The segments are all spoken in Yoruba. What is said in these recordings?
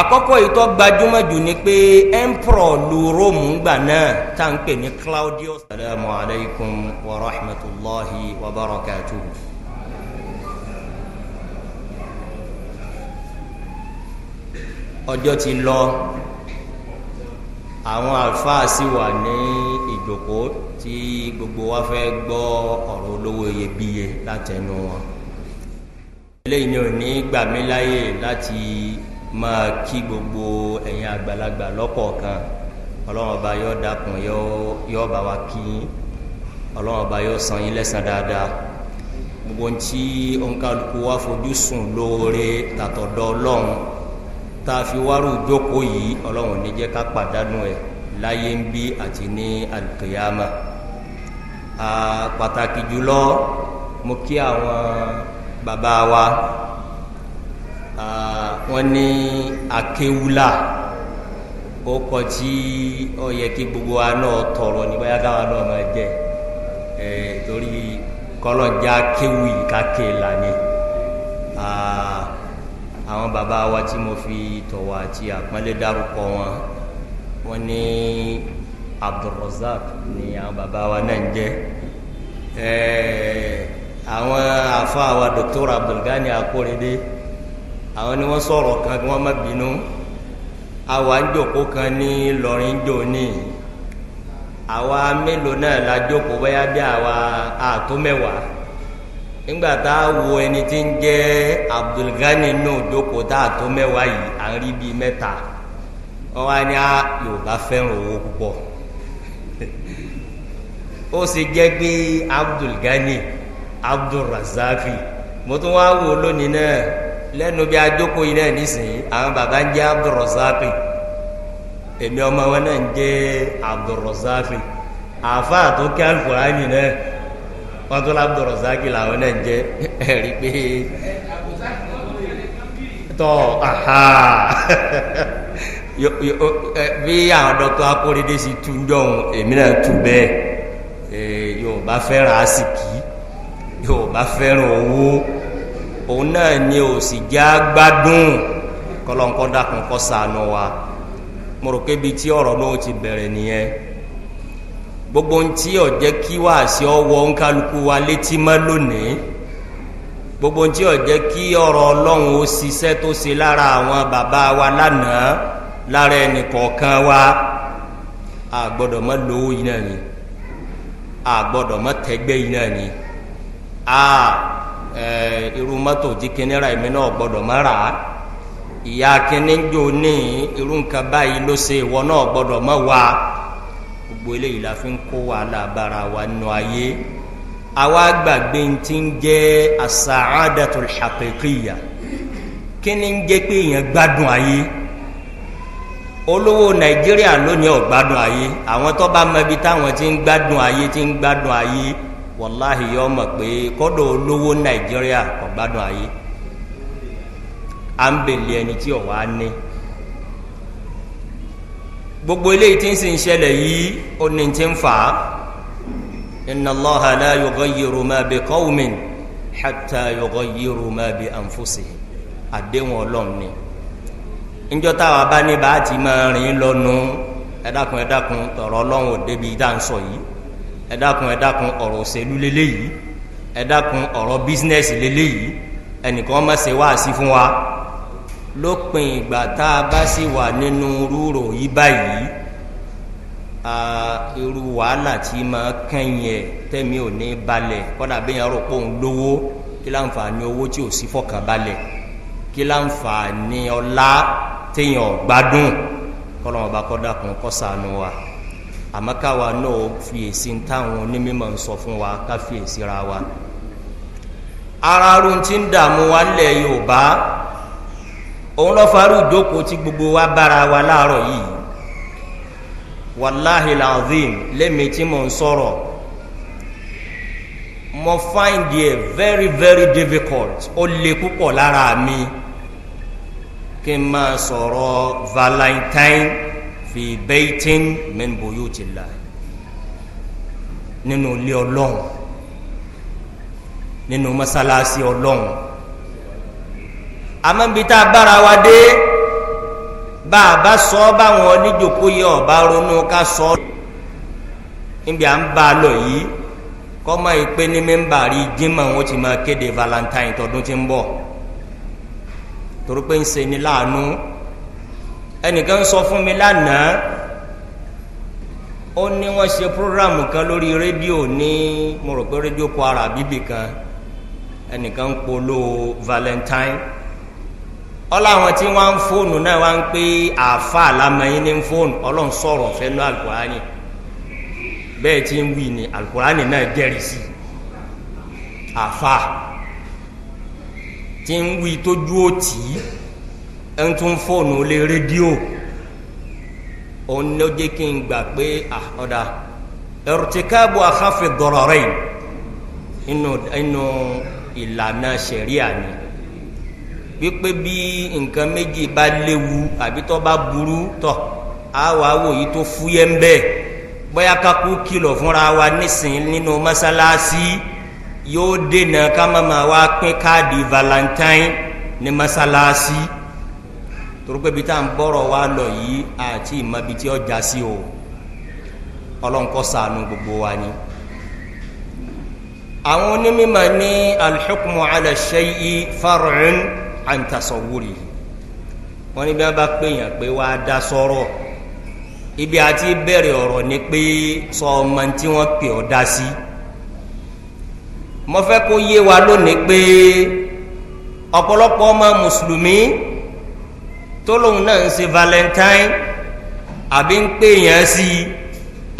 àkọ́kọ́ yìí tó gbajúmọ̀ jù ni pé emperor lu rome ńgbà náà tá à ń pè ní claudius. salaamu alaykum wa rahmatulahi wa barakatuhu. ọjọ́ ti lọ àwọn àlùfáà sì wà ní ìjòkó tí gbogbo wa fẹ́ gbọ́ ọ̀rọ̀ olówó iyebíye látẹnu wọn. eléyìí ni ò ní gbàmíláyè láti máa kí gbogbo ẹ̀yin àgbàlagbà lọ́kọ̀ọ̀kan ọlọ́run ọba yóò dákun yóò bá wa kí yín ọlọ́run ọba yóò san yín lẹ́san dáadáa gbogbo ntí ònkàlùkù wa fojú sùn lóore tàtọ̀dọ̀ ọlọ́run tá a fi wárò jókòó yìí ọlọ́run ní jẹ́ ká pàdánù ẹ̀ láyé ń bí àti ní alùkìyàmà pàtàkì jùlọ mo kí àwọn bàbá wa. Ah, wọ́n ní akéwúlà ó kọ tí ó yẹ kí gbogbo wa náà tọrọ ní bóyá káwa náà máa jẹ ẹ torí kọlọjà kéwù yìí káké lànà ah, àwọn bàbá wa tí mo fi tọ̀wọ̀ àti àpọ́nlé dárúkọ wọn wọ́n ní Abdulrozak ni àwọn bàbá wa náà ń jẹ́ àwọn àfa wa Dr. Abdulgani Akorede. Eh, àwọn ni wọ́n sọ̀rọ̀ kan kí wọ́n má bínú àwa ń jòkó kan ní lọ́rin jò ní àwa mélòó náà la jòkó bóyá bí àwa àtó mẹ́wàá nígbà tá a wo ẹni tí ń jẹ́ Abdulgani náà jòkó tá a tó mẹ́wàá yìí à ń rí bíi mẹ́ta wọ́n wá ní Yorùbá fẹ́ràn owó púpọ̀ ó sì jẹ́ pé Abdulgani Abdulrazaki mo tún wá wò lónìí náà lẹ́nu bí adóko yìí náà nísìnyí àwọn baba ń jẹ́ abdulrozaki èmi ọmọ wọn náà ń jẹ́ abdulrozaki àfa àtúnkẹ́ alukurani náà wọ́n tún abdulrozaki làwọn náà ń jẹ́ ẹ̀rí pé tọ́ aha bí àwọn dọ́kítọ́ akóredé sì tún jọ̀hún èmi náà tún bẹ́ẹ̀ yorùbá fẹ́ràn àsìkí yorùbá fẹ́ràn owó òun náà ni ò sì já gbádùn kọlọ́nkọ́ dákun kọ́ sànù wa mo rò kébi tí ọ̀rọ̀ náà ti bẹ̀rẹ̀ nìyẹn gbogbo ń tí ó jẹ́ kí wá sí ọwọ́ ń wa létí mọ́ lónìí gbogbo ń tí kí ọ̀rọ̀ ọlọ́run ó ṣiṣẹ́ tó ṣe lára àwọn bàbá wa lánàá lára ẹnì kọ̀ọ̀kan wa a mọ́ lówó yìí náà ni a mọ́ tẹ́gbẹ́ yìí náà ni Eh, irú mọ́tò tí kínníra èmi náà gbọ́dọ̀ má rà á ìyá kínní jò ní irú nǹkan báyìí ló ṣe ìwọ náà gbọ́dọ̀ má wà á gbogbo eléyìí la fi ń kó wàhálà bára wa nù ayé àwa gbàgbé ti ń jẹ́ as-sa'adatul haqiqiyya kínní ń jẹ́ pé èèyàn gbádùn ayé olówó nàìjíríà lónìí ò gbádùn ayé àwọn tó bá mọ ibi táwọn ti ń gbádùn ayé ti ń gbádùn ayé wàláhì yọ mọ̀ pé kọ́dọ̀ olówó nàìjíríà kò gbádùn ayé à ń bèlè ẹni tí ò wá ní gbogbo eléyìí tí ń sì ń ṣẹlẹ̀ yìí ó ní ti ń fà á inna Allaha la yughayyiru ma bi qawmin hatta yughayyiru ma bi anfusihim àdéhùn ọlọ́run ni njọ́ táwa bá ní bá ti máa rìn lọ́nu ẹ̀dákun ẹ̀dákun tọ̀rọ̀ ọlọ́run ò débi dá yìí ẹ dákun ẹ dákun ọ̀rọ̀ òṣèlú leléyìí ẹ dákun ọ̀rọ̀ bísínẹ́sì leléyìí ẹnìkan má ṣe wá sí fún wa lópin ìgbà tá a bá sì wà nínú rúurò yìí báyìí irú wàhálà tí máa kẹ́yìn ẹ̀ tẹ́mi ò ní balẹ̀ kọ́dà bẹ́ẹ̀ yẹn rò pé òun lówó kí láǹfààní owó tí ò sí fọkàn balẹ̀ kí láǹfààní ọlá téèyàn gbádùn kọ́lọ́mọba kọ́dà kan kọ́ wa àmọ́ káwa náà fiyèsí táwọn onímọ̀ ń sọ fún wa ká fiyèsí ra wa ara arun ti ń dààmú wa lẹ̀ Yorùbá òun lọ́ farú ìjókòó tí gbogbo wa bára wa láàárọ̀ yìí wàláhi lazim lẹ́mi tí mò ń sọ̀rọ̀ mo find it very very difficult ó le púpọ̀ lára mi kí n máa sọ̀rọ̀ valentine fi bẹ́ẹ̀tìn mẹ́nbó yóò ti la nínú ilé ọlọ́run nínú mọ́sálásí ọlọ́run àmọ́ bí tá a bára wa dé bá a bá sọ ọ́ báwọn oníjòkó yẹ ọba ronú ká sọ ọ́ níbi à ń bá a lọ yìí kọ́mọ ìpè ní mẹ́mbà rí jímọ̀ wọn ti máa kéde valentine tọdún tí ń bọ̀ torí pé ń ṣe ni láàánú ẹnìkan sọ fún mi lánàá ó ní wọ́n ṣe programu kan lórí rédíò ní mo rò pé rédíò Kwara bíbì kan ẹnìkan polo Valentine ọláwọn tí wọ́n ń fóònù náà wọ́n ń pè àfa àlámẹyìn ní fóònù Ọlọ́run sọ̀rọ̀ fẹnu alukurani bẹ́ẹ̀ tí ń wí ni alukurani náà jẹ́rìí sí àfa tí ń wí tójú ó ń tún fóònù lé rédíò òun ló jẹ́ kí n gbà pé ọ̀dà irtikabu akhafi dararain inú inú ìlànà ṣẹ̀ríà ni wípé bí nǹkan méjì bá léwu àbí tó bá burú tọ̀ á wàá wò yìí tó fúyẹ́ ń bẹ́ẹ̀ bóyá kakú kìlọ̀ fúnra wa nísìnyí nínú mọ́sálásí yóò dènà ká má máa wá pín káàdì valentine ní mọ́sálásí torípé ibi tá à ń bọ̀rọ̀ wa lọ yìí àti ìmọ̀bi tí ó já sí o ọlọ́nkọ́ sànù gbogbo wa ni. àwọn onímọ̀ ní alḥukmu ala shay'i far'un an wọ́n ní bí wọ́n bá pèèyàn pé wàá dá sọ́rọ̀ ibi àti bẹ̀rẹ̀ ọ̀rọ̀ ni pé sọ ọmọ tí wọ́n pè ọ́ dá sí mo fẹ́ kó yé wa lónìí pé ọ̀pọ̀lọpọ̀ ọmọ mùsùlùmí tó lóun náà ń ṣe valentine àbí ń pè yẹn sí i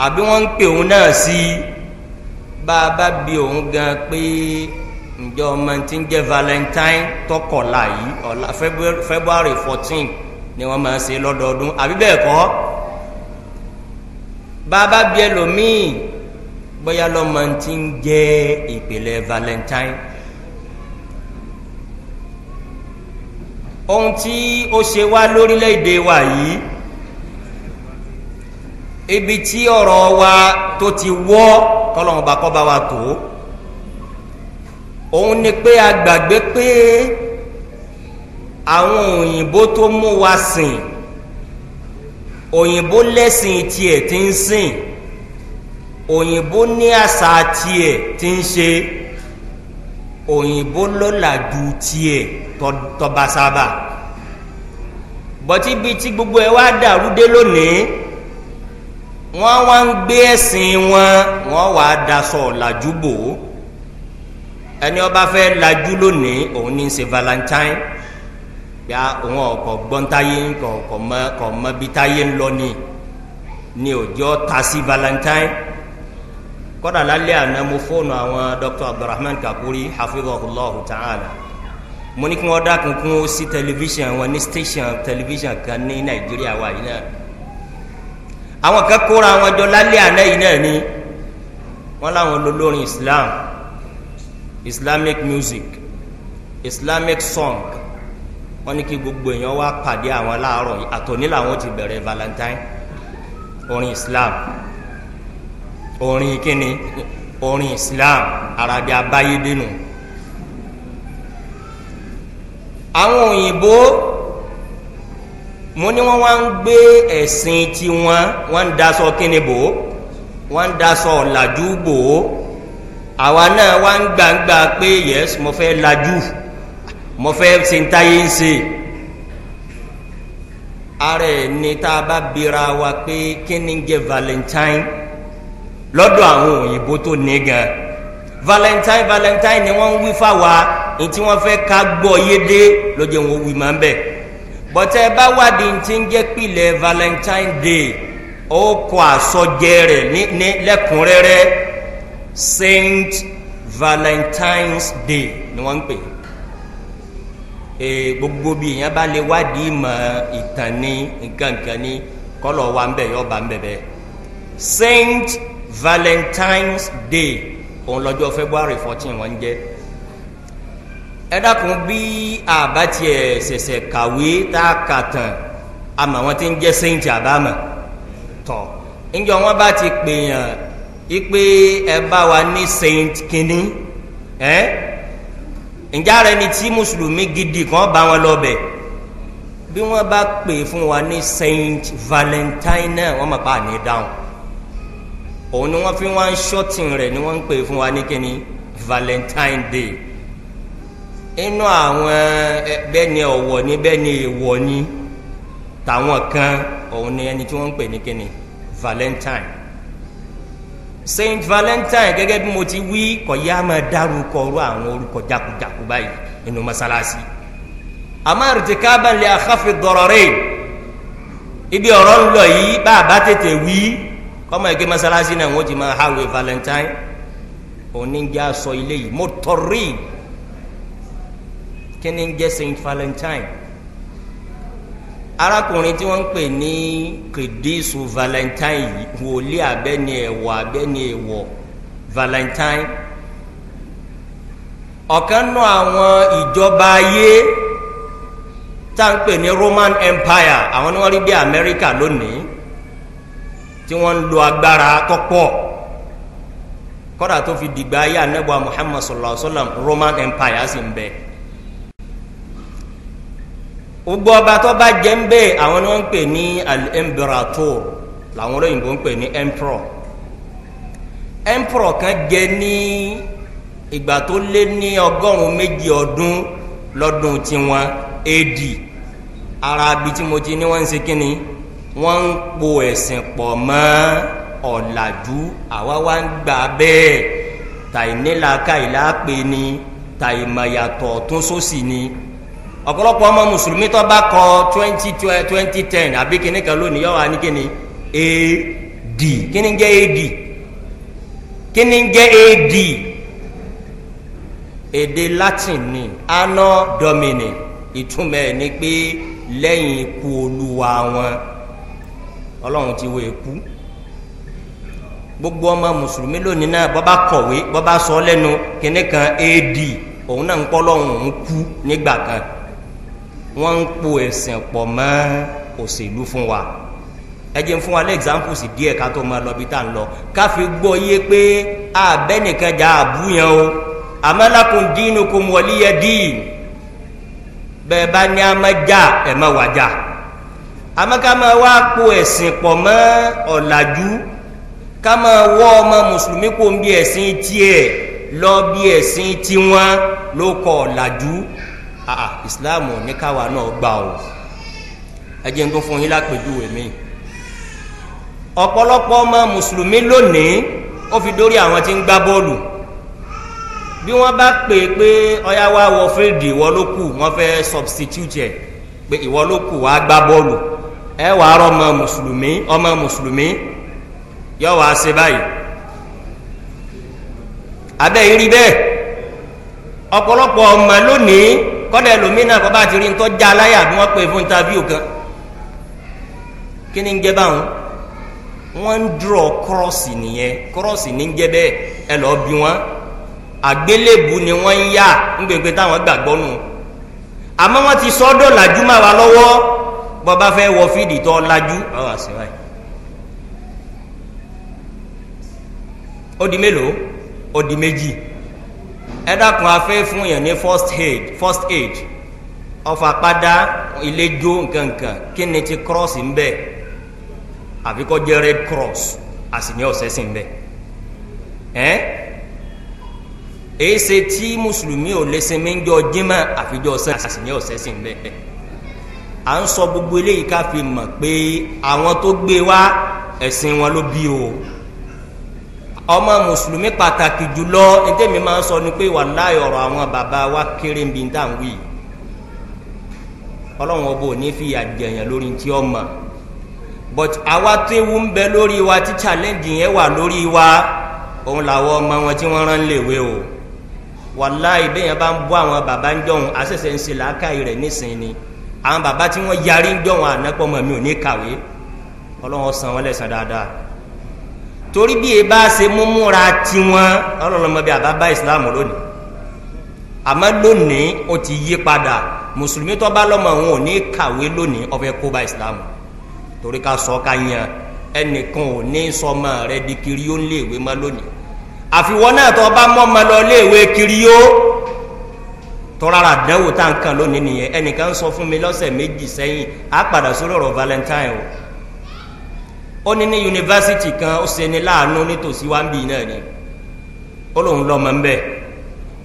àbí wọ́n ń pè òun náà sí i bá a bá bi òun gan pé ǹjẹ́ ọmọ tí ń jẹ́ valentine tọkọ̀la yìí ọ̀la february fourteen ni wọ́n máa ń ṣe lọ́dọọdún àbí bẹ́ẹ̀ kọ́ bá a bá bi ẹlòmíì bóyá lọ́mọ tí ń jẹ́ ìpìlẹ̀ valentine. ohun tí ó ṣe wá lórílẹ̀‐èdè wa yìí ibi tí ọ̀rọ̀ wa tó ti wọ́ kọ́lọ́mọba kọ́ bá wa tó òun ni pé a gbàgbé pé àwọn òyìnbó tó mú wa sìn òyìnbó lẹ́sìn tiẹ̀ ti ń sìn òyìnbó ní àṣà tiẹ̀ ti ń ṣe òyìnbó lọ́làjú tiẹ̀ tọba sábà bọ́tí bíi tí gbogbo ẹ wá dàrú dé lónìí wọ́n wá ń gbé ẹ̀sìn wọn wọ́n wàá daṣọ làjú bò ó ẹni ọba fẹ́ làjú lónìí òun ní í ṣe valentine ya òun ọkọ̀ gbọ́ntáyé kọ̀ mọ́ kọ̀ mọ́ bí táyé ń lọ ni ni òjò ta sí valentine kọ́dà lálẹ́ àná mo fóònù àwọn Dr. Abdulrahman Kakuri hafidhahullahu ta'ala mo ní kí wọ́n dákun kí wọ́n sí tẹlifíṣàn wọn ní station tẹlifíṣàn kan ní nàìjíríà wa yìí náà àwọn kan kóra wọn jọ lálẹ́ àná yìí náà ni wọ́n láwọn olólórin islam islamic music islamic song wọ́n ní kí gbogbo èèyàn wá pàdé àwọn láàárọ̀ àtòní làwọn ti bẹ̀rẹ̀ valentine orin islam orin kíni orin islam arabi abáyédénú. No àwọn òyìnbó mo ní wọ́n wá ń gbé ẹ̀sìn tiwọn wọ́n ń daṣọ kíni bò wọ́n ń daṣọ ọ̀làjú bò àwa náà wá ń gbàǹgbà pé yes mo fẹ́ lajú mo fẹ́ ṣe ń táyé ń ṣe ara ẹ̀ tá a bá bira wa pé kí ni ń jẹ́ valentine lọ́dọ̀ àwọn òyìnbó tó ní gan valentine valentine ni wọ́n ń wí fáwa ntí wọ́n fẹ́ ká gbọ́ yédè lójú wọn wì máa ń bẹ̀ bọ́tẹ́ bá wádìí ntí ń jẹ́ pilẹ̀ valentine day ó kọ àsọjẹ rẹ̀ ní lẹ́kùnrẹ́rẹ́ saint valentine's day ni wọ́n ń pè é ee gbogbo bi yẹn bá lè wádìí mọ ìtàn ní nkankan ní kọlọ wa ń bẹ yọ ba ń bẹ bẹ Saint Valentine's Day òun lọ́jọ́ February fourteen wọ́n ń jẹ́ ẹ̀dàkùn bí àbá tiẹ̀ kàwé tá a kà tán àmọ́ wọn ti ń jẹ́ sẹ́yìntì àbámọ̀ tọ̀ níjọ́ wọn bá ti pèèyàn ipe ẹ bá wa ní sẹ́yìntì kínní ẹ́ ǹjẹ́ ara ẹni tí mùsùlùmí gidi kan bá wọn lọ bẹ̀ bí wọ́n bá pè fún wa ní saint valentine náà wọ́n mọ̀ pa àní dáhùn òun ni wọ́n fi wọ́n ń ṣọ́tìn rẹ̀ ni wọ́n pè fún wa ní kíni valentine day inú àwọn bẹ́ni ọ̀wọ̀ ni bẹ́ni èèwọ̀ ni tàwọn kan òun ni ẹni tí wọ́n ń pè ní kíni valentine saint valentine gẹ́gẹ́ bí mo ti wí kọ̀yá máa dárúkọ ọ̀rọ̀ àwọn orúkọ jákujàku báyìí nínú mọ́sálásí àmọ́ irtikaban li akhafi dararain ibi ọ̀rọ̀ ń lọ yìí bá a bá tètè wí kọ́mọ ẹgbẹ́ mọ́sálásí náà wọ́n ti máa háwé valentine òun ní jẹ́ aṣọ ilé yìí mo tọrí kíni ń jẹ́ Saint Valentine arákùnrin tí wọ́n ń pè ní kìdísù Valentine wòlíì abẹ́ni ẹ̀wọ̀ abẹ́ni ẹ̀wọ̀ Valentine ọ̀kan nù àwọn ìjọba ayé tá ń pè ní Roman Empire àwọn ni wọ́n rí bí Amẹ́ríkà lónìí tí wọ́n ń lo agbára tọ́pọ̀ kọ́dà tó fi dìgbà ayé anábọ̀ Muhammad sallallahu alaihi wa sallam Roman Empire sì ń bẹ́ẹ̀ gbogbo ọba tó bá jẹ ń bẹ àwọn ni wọn ń pè ní al-imperator làwọn olóyìnbó ń pè ní emperor emperor kan jẹ ní ìgbà tó lé ní ọgọ́rùn méjì ọdún lọ́dún tiwọn AD ara bi tí mo ti ní wọn ń ṣe kínni wọn ń po ẹ̀sìn pọ̀ mọ́ ọ̀làjú àwa wa ń gbà bẹ́ẹ̀ tàìnílàkàìlà pè ní tàìmọ̀yàtọ̀ tún sósì ni ọ̀pọ̀lọpọ̀ ọmọ mùsùlùmí tó bá kọ twenty twenty ten àbí kíní kan lónìí yọ wà ní kíní ad kíní jẹ́ ad kíní jẹ́ ad èdè latin ni anno domini ìtumọ̀ ẹ̀ ni pé lẹ́yìn ikú olúwa wọn ọlọ́run ti wo ikú gbogbo ọmọ mùsùlùmí lónìí náà bọ́ bá kọ̀wé bọ́ bá sọ lẹ́nu kíní kan ad òun náà ń kọ́ lọ́hùn ún kú nígbà kan wọ́n ń po ẹ̀sìn pọ̀ mọ́ òṣèlú fún wa ẹ jẹ́ fún wa ní examples díẹ̀ ká tó máa lọ bí tá ń lọ ká fi gbọ́ yé pé abẹ́nìkan jà àbúyàn o amalakum dinukum waliya din bẹ́ẹ̀ bá ní a máa jà ẹ̀ máa wà jà àmọ́ ká máa wá po ẹ̀sìn pọ̀ mọ́ ọ̀làjú ká máa wọ́ ọmọ mùsùlùmí kò ń bí ẹ̀sìn tiẹ̀ lọ bí ẹ̀sìn tiwọn ló kọ ọ̀làjú Ah, ah islam ní káwa náà gbà o ẹ jẹ́ n tó fún yín lápèjúwe mi ọ̀pọ̀lọpọ̀ ọmọ mùsùlùmí lónìí ó fi dórí àwọn tí ń gbá bọ́ọ̀lù bí wọ́n bá pè é pé ọ̀yá wa wọ fíìdì ìwọ ló kù wọ́n fẹ́ substitute ẹ̀ pé ìwọ ló kù wàá gbá bọ́ọ̀lù ẹ wàá rọ ọmọ mùsùlùmí ọmọ mùsùlùmí yọ wàá ṣe báyìí abẹ́ yìí rí bẹ́ẹ̀ ọ̀pọ̀lọpọ̀ ọmọ lónìí kọ́dà ẹlòmínà bàbá àti rí ntọ́ já aláyà bí wọ́n pè fún interview kan kí ni ń jẹ́ báwọn wọ́n ń draw cross nìyẹn ní ń jẹ́ bẹ́ẹ̀ ẹ lọ́ọ́ bí wọ́n àgbélébù ni wọ́n ń yà ń táwọn gbàgbọ́ nù àmọ́ wọ́n ti làjú máa wà lọ́wọ́ bọ́ba fẹ́ wọ fídì ẹ dákun afẹ́ fún yẹn ní first aid first aid ọfà padà ìlẹjọ nkankan kí ni ti cross ń bẹ àfi kọ́ jẹ́ red cross àsìní ọ̀sẹ̀ sì ń bẹ ẹ́ èyí ṣe tí mùsùlùmí ò lè sinmi ń jọ jimá àfijọ́ ọ̀sẹ̀ àsìní ọ̀sẹ̀ sì ń bẹ à ń sọ gbogbo eléyìí ká fi mọ̀ pé àwọn tó gbé wá ẹ̀sìn wọn ló bí o ọmọ mùsùlùmí pàtàkì jùlọ ẹjẹmi máa ń sọ ni pé wàláyé ọ̀rọ̀ àwọn bàbá wa kéré ń bi ń tàn wí Ọlọ́run ọbọ òní fi àjẹyàn lórí tí ọ but àwa téwu ń bẹ lórí wa tí challenge yẹn wà lórí wa òun làwọn ọmọ wọn tí wọ́n rán léwe o wàláyé bẹ́ẹ̀ yẹn bá ń bọ́ àwọn bàbá ń jọ̀hún àṣẹ̀ṣẹ̀ ń ṣe làákàyè rẹ̀ nísìnyí ni àwọn bàbá tí wọ́n yarí ń jọ̀hún ànápọ̀ mọ̀ mi ò ní kàwé Ọlọ́run ó san wọ́n dáadáa torí bí e bá ṣe múmúra tiwọn ọlọ́lọ́mọ bíi àbábá ìsìláàmù lónìí àmọ́ lónìí ó ti yí padà mùsùlùmí tó bá lọ́mọ òun ò ní kàwé lónìí ó fẹ́ kó bá ìsìláàmù torí ká sọ ká yan ẹnìkan ò ní sọmọ rẹ di kiri ó ń léèwé mọ́ lónìí àfiwọ́ náà tó bá mọ́mọ lọ léèwé kiri tọ́lára àdánwò tá à ń kàn lónìí nìyẹn ẹnìkan sọ fún mi lọ́sẹ̀ méjì sẹ́yìn á ọ̀rọ̀ valentine o ó ní ní yunifásitì kan ó ṣeni láàánú nítòsí wa ń bì náà ni ó lóun lọ́mọ ń bẹ̀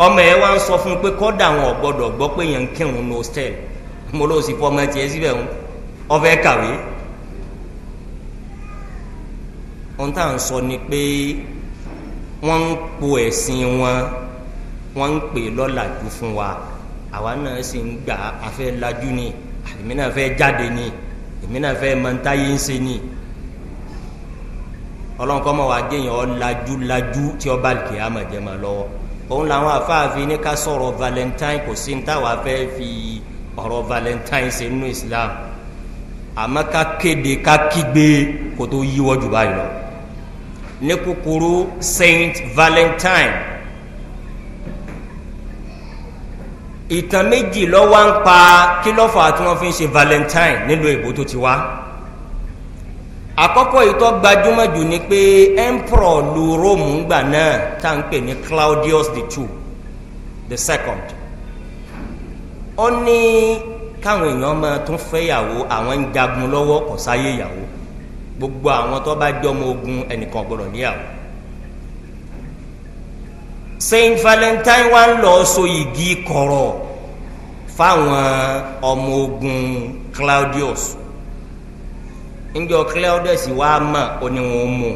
ọmọ ẹ wá ń sọ fún un pé kọ́dà àwọn ọ̀gbọ́dọ̀ gbọ́ pé yẹn ń kírun ní hostel mo ló sì fọmọ tiẹ̀ síbẹ̀ ń ọfẹ́ kàwé ohun tá à ń sọ ni pé wọ́n ń po ẹ̀sìn wọn wọ́n ń pè lọ́làjú fún wa àwa náà sì ń gbà afẹ́ lajú ni èmi náà fẹ́ jáde ni èmi náà fẹ́ mọ̀ntayé ń ṣe ni ọlọ́run kọ́ mọ̀ wá géèyàn ọ lajú lajú tí ọ bá kì í jẹ́ mọ̀ lọ́wọ́ òun làwọn àfáàfin ní ká sọ̀rọ̀ valentine kò sí ní táwa fẹ́ fi ọ̀rọ̀ valentine ṣe nínú islam àmọ́ ká kéde ká kígbe kó tó yíwọ́ jù báyìí lọ ní kúkúrú saint valentine ìtàn méjì ló wà ń pa kí ló fà wọ́n fi ń ṣe valentine nílùú èbó tó ti wá àkọ́kọ́ ìtọ́ gbajúmọ̀ jù ni pé emperor lu Rome ńgbà náà tá à ń pè ní Claudius the two the second ó ní káwọn èèyàn máa tún fẹ́yàwó àwọn ń jagun lọ́wọ́ kò sáyé ìyàwó gbogbo àwọn tó bá jẹ́ ọmọ ogun ẹnìkan gbọ́dọ̀ níyàwó Saint Valentine wa ń lọ so igi kọ̀rọ̀ fáwọn ọmọ ogun Claudius ńjọ Claudius wa mọ̀ ó ní wọn mú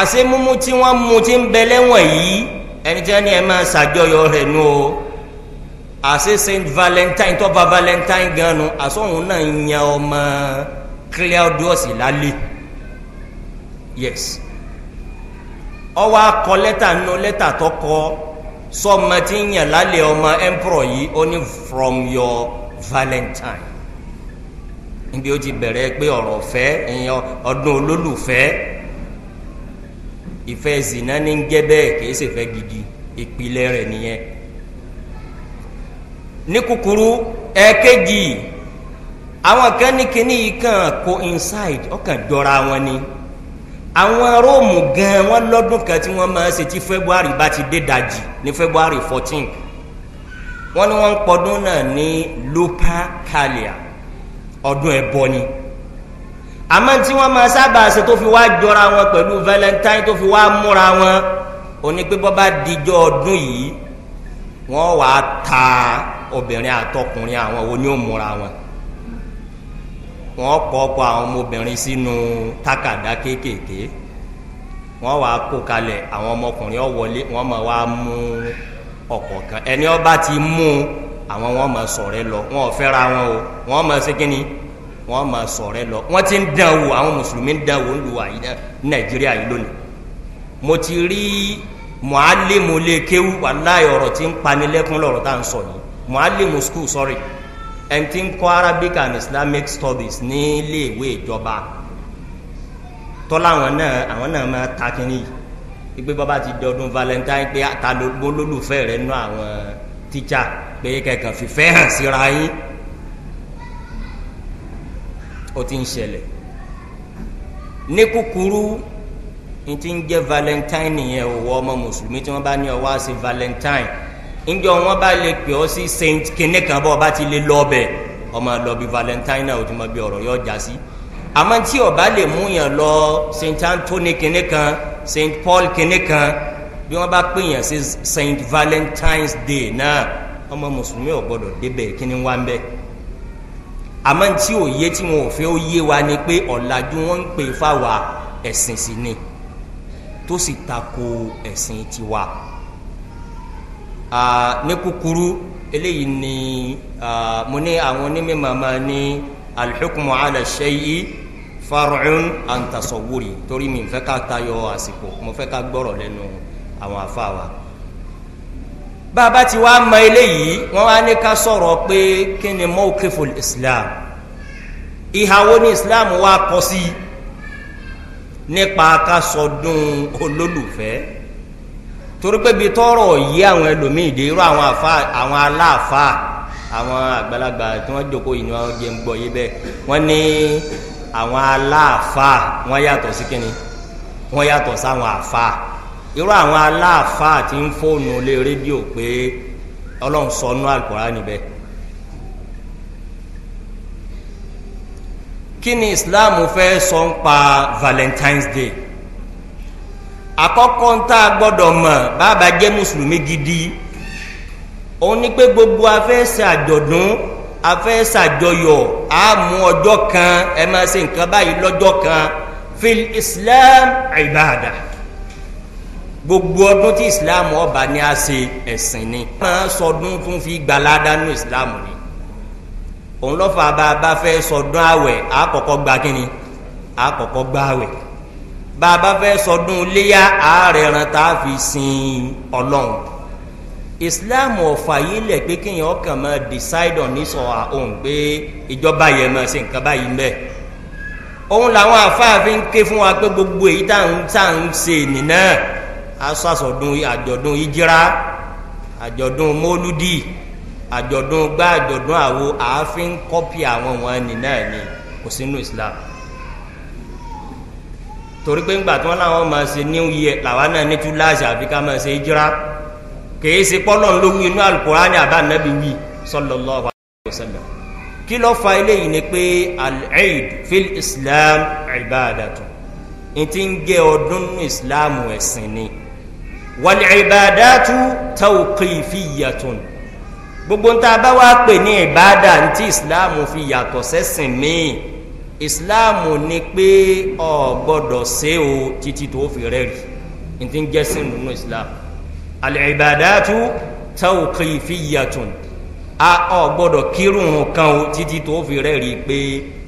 àṣé mímú tí wọ́n mú ti ń bẹ lẹ́wọ̀n yìí ẹni tí wọ́n ní ẹ máa nù o ase Saint Valentine tọ́ba Valentine ganu nu àsọ̀hún náà ń yan ọmọ Claudius lálẹ́ yes ọwọ́ akọ lẹ́tà nù lẹ́tà tó kọ sọmọ tí ń yàn lálẹ́ ọmọ emperor yìí ó ní from your Valentine. níbi ó ti bẹ̀rẹ̀ pé ọ̀rọ̀ fẹ́ ìyẹn ọdún olólùfẹ́ ìfẹ́ zina ní ń jẹ́ bẹ́ẹ̀ kìí ṣe fẹ́ gidi ìpìlẹ̀ rẹ̀ nìyẹn ní kúkúrú ẹ̀ẹ́kejì àwọn kan ní kíní yìí kan coincide ọkàn jọra wọn ni àwọn róòmù gan wọn lọ́dún kan tí wọ́n máa ń ṣe tí february bá ti dé dajì ní february fourteen wọ́n ni ń pọdún náà ní ọdún ẹbọ ni àmọ́ tí wọ́n máa sábà ṣe tó fi wá jọra wọn pẹ̀lú valentine tó fi wá múra wọn òní pé bọ́ bá dijọ́ ọdún yìí wọ́n wàá ta obìnrin àtọkùnrin àwọn wo ni ó múra wọn wọ́n kọ́ ọ̀pọ̀ àwọn ọmọbìnrin sínú tákàdá kéékèèké wọ́n wàá kó kalẹ̀ àwọn ọmọkùnrin ọ̀wọ́lé wọ́n máa wá mú ọ̀kọ̀ọ̀kan ẹni ọba ti mú un àwọn wọn máa ṣọ̀rẹ́ lọ wọn ò fẹ́ra wọn o wọn máa ṣe kínní wọn máa ṣọ̀rẹ́ lọ wọn ti ń dán wò àwọn mùsùlùmí ń dán wò ń lu nàìjíríà yìí lónìí mo ti rí mọ̀álẹ́mu lè kéwú wàláyé ọ̀rọ̀ tí ń panilẹ́kún lọ́rọ̀ tá à ń sọ yìí mọ̀álẹ́mu school sorry ẹni tí ń kọ́ arabic and islamic studies ní iléèwé ìjọba tọ́lá àwọn náà àwọn náà máa ta kínní yìí wípé bàbá ti di ọdún valentine pé ta ló lólùfẹ́ rẹ̀ nú àwọn tíjà pé kẹkàn fìfẹ́ hàn síra yín ó ti ń ṣẹlẹ̀ ní kúkúrú n ti ń jẹ́ valentine nìyẹn òwò ọmọ mùsùlùmí tí wọ́n bá ní ọwọ́ àṣẹ valentine ńjọ wọ́n bá lè pè ọ́ sí saint kinní kan bọ́ ọ bá ti lè lọ ọbẹ̀ ọmọ lọ valentine náà ó ti mọ bí ọ̀rọ̀ yóò já sí àmọ́ tí ó bá lè mú yàn lọ saint anthony kinní kan saint paul kinní kan bí wọ́n bá pè yàn sí saint valentine's day náà ọmọ mùsùlùmí ò gbọdọ̀ débẹ̀ kí ni wá ń bẹ àmọ́ tí ò yé tí wọn ò fẹ́ ó yé wa ni pé ọ̀làjú wọn ń pè fáwa ẹ̀sìn sí ni tó sì tako ẹ̀sìn tiwa ní kúkúrú eléyìí ni mo ní àwọn onímọ̀ máa ní alḥukumu ala ṣẹ́yí farun antasọ̀wúri torí mi fẹ́ ká tayọ àsìkò mo fẹ́ ká gbọ́rọ̀ lẹ́nu àwọn afáwa. No, bàbá tí wàá mọ eléyìí wọn wá ní ká sọ̀rọ̀ pé kí ni mawqiful islam ìhàwó ní islam wá kọ sí nípa ká sọdún olólùfẹ́ torí pé bí tọrọ yí àwọn ẹlòmíì dé irú àwọn àfa àwọn aláàfa àwọn àgbàlagbà tí wọn jókòó yìí ni wọn jẹ ń gbọ́ yé bẹ́ẹ̀ wọn ní àwọn aláàfa wọn yàtọ̀ sí kínní wọn yàtọ̀ sáwọn àfa. Si irú àwọn aláàfáà tí ń fóònù lé rédíò pé ọlọ́run sọnù àlùkòrán níbẹ̀ kí ni islam fẹ́ sọ ń pa valentine's day àkọ́kọ́ ń tá a gbọ́dọ̀ mọ̀ bàbá jẹ́ mùsùlùmí gidi òun ni pé gbogbo afẹ́ ṣàjọ̀dún afẹ́ ṣàjọyọ̀ á mú ọjọ́ kan ẹ máa ṣe nǹkan báyìí lọ́jọ́ kan fil islam ibada gbogbo ọdún tí islam ọba ni a ṣe ẹ̀sìn ni máa sọdún tún fi gbalada nínú islam ni òun lọ́fà bá a bá fẹ́ sọdún àwẹ̀ a kọ́kọ́ gba kínni a kọ́kọ́ gba àwẹ̀ bá a bá fẹ́ sọdún léyà ààrẹ ran tá a fi sin ọlọ́run islam ọ̀fà yìí lẹ̀ pé kéèyàn ọkàn máa decide on nísọ̀ òun pé ìjọba yẹn máa ṣe nǹkan báyìí mẹ́ẹ̀ òun làwọn àfáàfin ké fún wa pé gbogbo èyí tá à ń ṣe nìyẹn asọ́sọ́dún àjọ̀dún ìjírá àjọ̀dún mólúdì àjọ̀dún gbá àjọ̀dún àwo àáfin kọ́pì àwọn wọn ni náà ni kò sínú Islam torí pé ńgbà tí wọn làwọn máa ṣe new year làwa náà ní túláàsì àfi ká máa ṣe ìjírá kèé ṣe pọ́lọ́ ló wí inú alukurani àbá nàbí wí sallallahu alaihi wasallam kí ló fa eléyìí ni pé al-eid fil islam ibadatun n ń jẹ́ ọdún islam ẹ̀sìn ni wal ibadatu tawqifiyatun gbogbo nta bá wá pè ní ìbádà ntí ìsìláàmù fi yàtọ̀ sẹ́sìn míì ìsìláàmù ni pé ọ gbọ́dọ̀ ṣe o títí tó fi rẹ́rì ntí ń jẹ́ sínú nínú ìsìláàmù al tawqifiyatun a ọ gbọ́dọ̀ kírun kan o títí tó fi rẹ́rì pé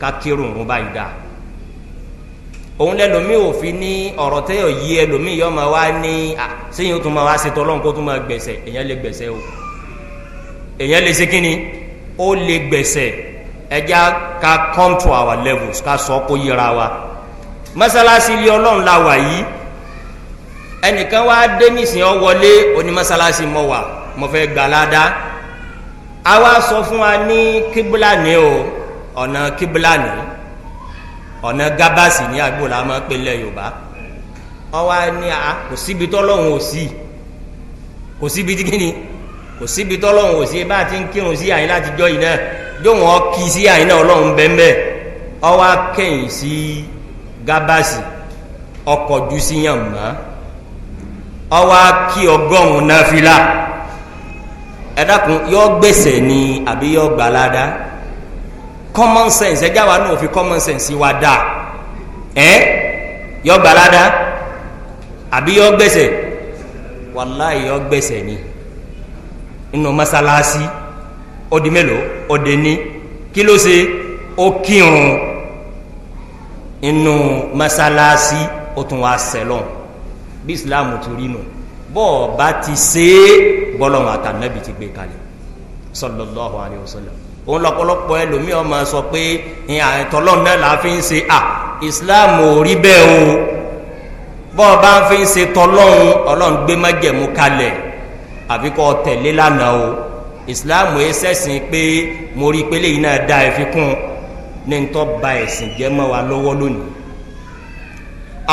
ká kírun báyìí dáa òun lẹlòmíì ò fi ní ọ̀rọ̀ tẹ́yọ̀ yí ẹlòmíì yọ máa wá ní à sẹ́yìn ó tún máa wá ṣe tọ́lọ́n kó tún máa gbẹ̀sẹ̀ èèyàn lè gbẹ̀sẹ̀ o èèyàn lè ṣe kínni ó lè gbẹ̀sẹ̀ ẹja ká come to our levels ká sọ kó yẹra wa masalasi ilé ọlọ́run la wà yìí ẹnìkan wá dé nísìnyí ọ wọlé oní mọ́sálásí mọ́ wà mo fẹ́ gbà ládàá a wá sọ fún wa ní kíbúlà ní o ọ̀nà kíbúlà ní ọ̀nà gábàsì ní àgbò la máa pè lẹ́ yorùbá ọwọ́ ni a kò síbi tọ́lọ́hún ò sí kò síbi tí kìíní kò síbi tọ́lọ́hún ò sí bá a ti ń kírun sí àyín láti jọ́ yìí náà jóun ọ kí sí àyín náà ọlọ́run bẹ́ẹ̀ ọwọ́ kẹ́yìn sí gábàsì ọkọ̀ ju sí yàn mọ́ ọwọ́ kí ọgọ́rùn náà fi la ẹ dákun yọ gbèsè ni àbí yọ gbàládàá common sense ẹjá wa náà fi common sense wa dà ẹ yọ gbalada àbí yọ gbẹsẹ wàláyé yọ gbẹsẹ ni nínú masalasi ọdí mélòó ọdẹ ní kí ló ṣe ó kírun nínú masalasi ó tún wá sẹlọn bí islam tún rí nù bọ́ọ̀ bá ti ṣe é bọ́lọ́run àtànẹ́bì ti gbé kalẹ̀ sallallahu alayhi wa sallam òun lọ́pọ̀lọpọ̀ ẹlòmíì ọmọ sọ pé àìtọ́lọ́ náà là á fi ń ṣe à islam ò rí bẹ́ẹ̀ o bọ́ ọ bá ń fi ń ṣe tọ́lọ́hún ọlọ́run gbé májẹ̀mú kalẹ̀ àfi kọ́ tẹ̀lé lánàá o islam ẹ sẹ́sìn pé mo rí i pé léyìn náà da ẹ̀fi kún ní n tọ́ ba ẹ̀sìn jẹ́ mọ́ wa lọ́wọ́ lónìí